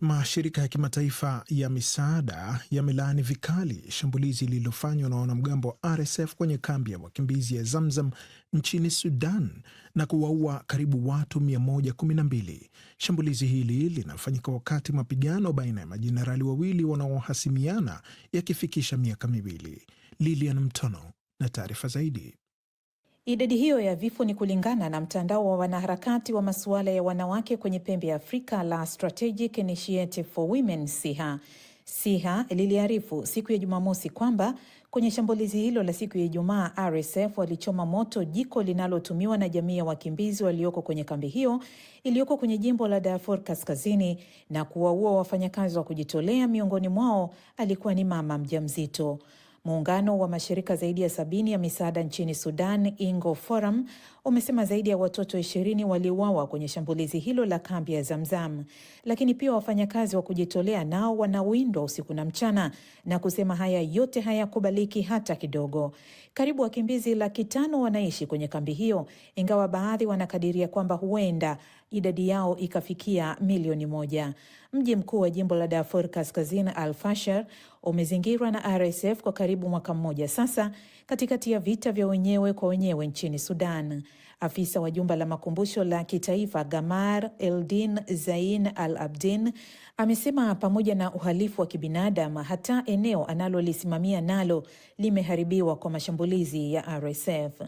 Mashirika ya kimataifa ya misaada yamelaani vikali shambulizi lililofanywa na wanamgambo wa RSF kwenye kambi ya wakimbizi ya Zamzam nchini Sudan na kuwaua karibu watu 112. Shambulizi hili linafanyika wakati mapigano baina ya majenerali wawili wanaohasimiana yakifikisha miaka miwili. Lilian Mtono na taarifa zaidi. Idadi hiyo ya vifo ni kulingana na mtandao wa wanaharakati wa masuala ya wanawake kwenye pembe ya Afrika la Strategic Initiative for Women SIHA. SIHA liliarifu siku ya Jumamosi kwamba kwenye shambulizi hilo la siku ya Ijumaa, RSF walichoma moto jiko linalotumiwa na jamii ya wakimbizi walioko kwenye kambi hiyo iliyoko kwenye jimbo la Darfur Kaskazini na kuwaua wafanyakazi wa kujitolea, miongoni mwao alikuwa ni mama mjamzito. Muungano wa mashirika zaidi ya sabini ya misaada nchini Sudan, Ingo Forum, umesema zaidi ya watoto ishirini waliuawa kwenye shambulizi hilo la kambi ya Zamzam, lakini pia wafanyakazi wa kujitolea nao wanawindwa usiku na mchana, na kusema haya yote hayakubaliki hata kidogo. Karibu wakimbizi laki tano wanaishi kwenye kambi hiyo, ingawa baadhi wanakadiria kwamba huenda idadi yao ikafikia milioni moja. Mji mkuu wa jimbo la Darfur Kaskazini, Al Fashar, umezingirwa na RSF kwa karibu karibu mwaka mmoja sasa katikati ya vita vya wenyewe kwa wenyewe nchini Sudan. Afisa wa jumba la makumbusho la kitaifa Gamar Eldin Zain Al Abdin amesema pamoja na uhalifu wa kibinadamu, hata eneo analolisimamia nalo limeharibiwa kwa mashambulizi ya RSF.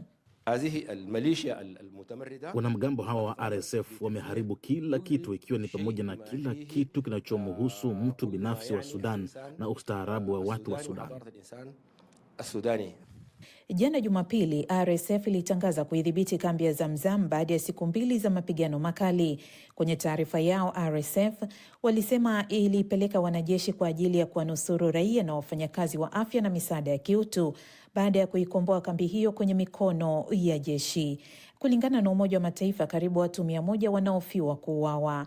Wanamgambo hawa wa RSF wameharibu kila kitu, ikiwa ni pamoja na kila kitu kinachomhusu mtu binafsi wa Sudan na ustaarabu wa watu wa Sudan. Jana Jumapili, RSF ilitangaza kuidhibiti kambi ya Zamzam baada ya siku mbili za mapigano makali. Kwenye taarifa yao, RSF walisema ilipeleka wanajeshi kwa ajili ya kuwanusuru raia na wafanyakazi wa afya na misaada ya kiutu baada ya kuikomboa kambi hiyo kwenye mikono ya jeshi. Kulingana na Umoja wa Mataifa, karibu watu mia moja wanaofiwa kuuawa.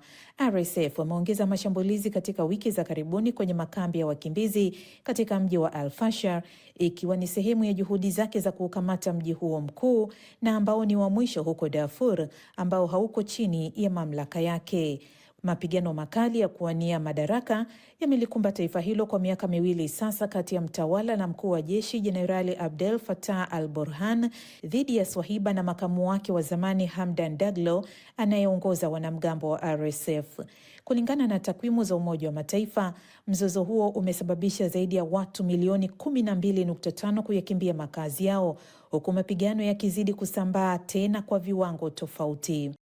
RSF wameongeza mashambulizi katika wiki za karibuni kwenye makambi ya wakimbizi katika mji wa Al-Fashar, ikiwa ni sehemu ya juhudi zake za kuukamata mji huo mkuu na ambao ni wa mwisho huko Darfur, ambao hauko chini ya mamlaka yake. Mapigano makali ya kuwania madaraka yamelikumba taifa hilo kwa miaka miwili sasa, kati ya mtawala na mkuu wa jeshi Jenerali Abdel Fattah al Burhan dhidi ya Swahiba na makamu wake wa zamani Hamdan Daglo anayeongoza wanamgambo wa RSF. Kulingana na takwimu za Umoja wa Mataifa, mzozo huo umesababisha zaidi ya watu milioni 12.5 kuyakimbia makazi yao, huku mapigano yakizidi kusambaa tena kwa viwango tofauti.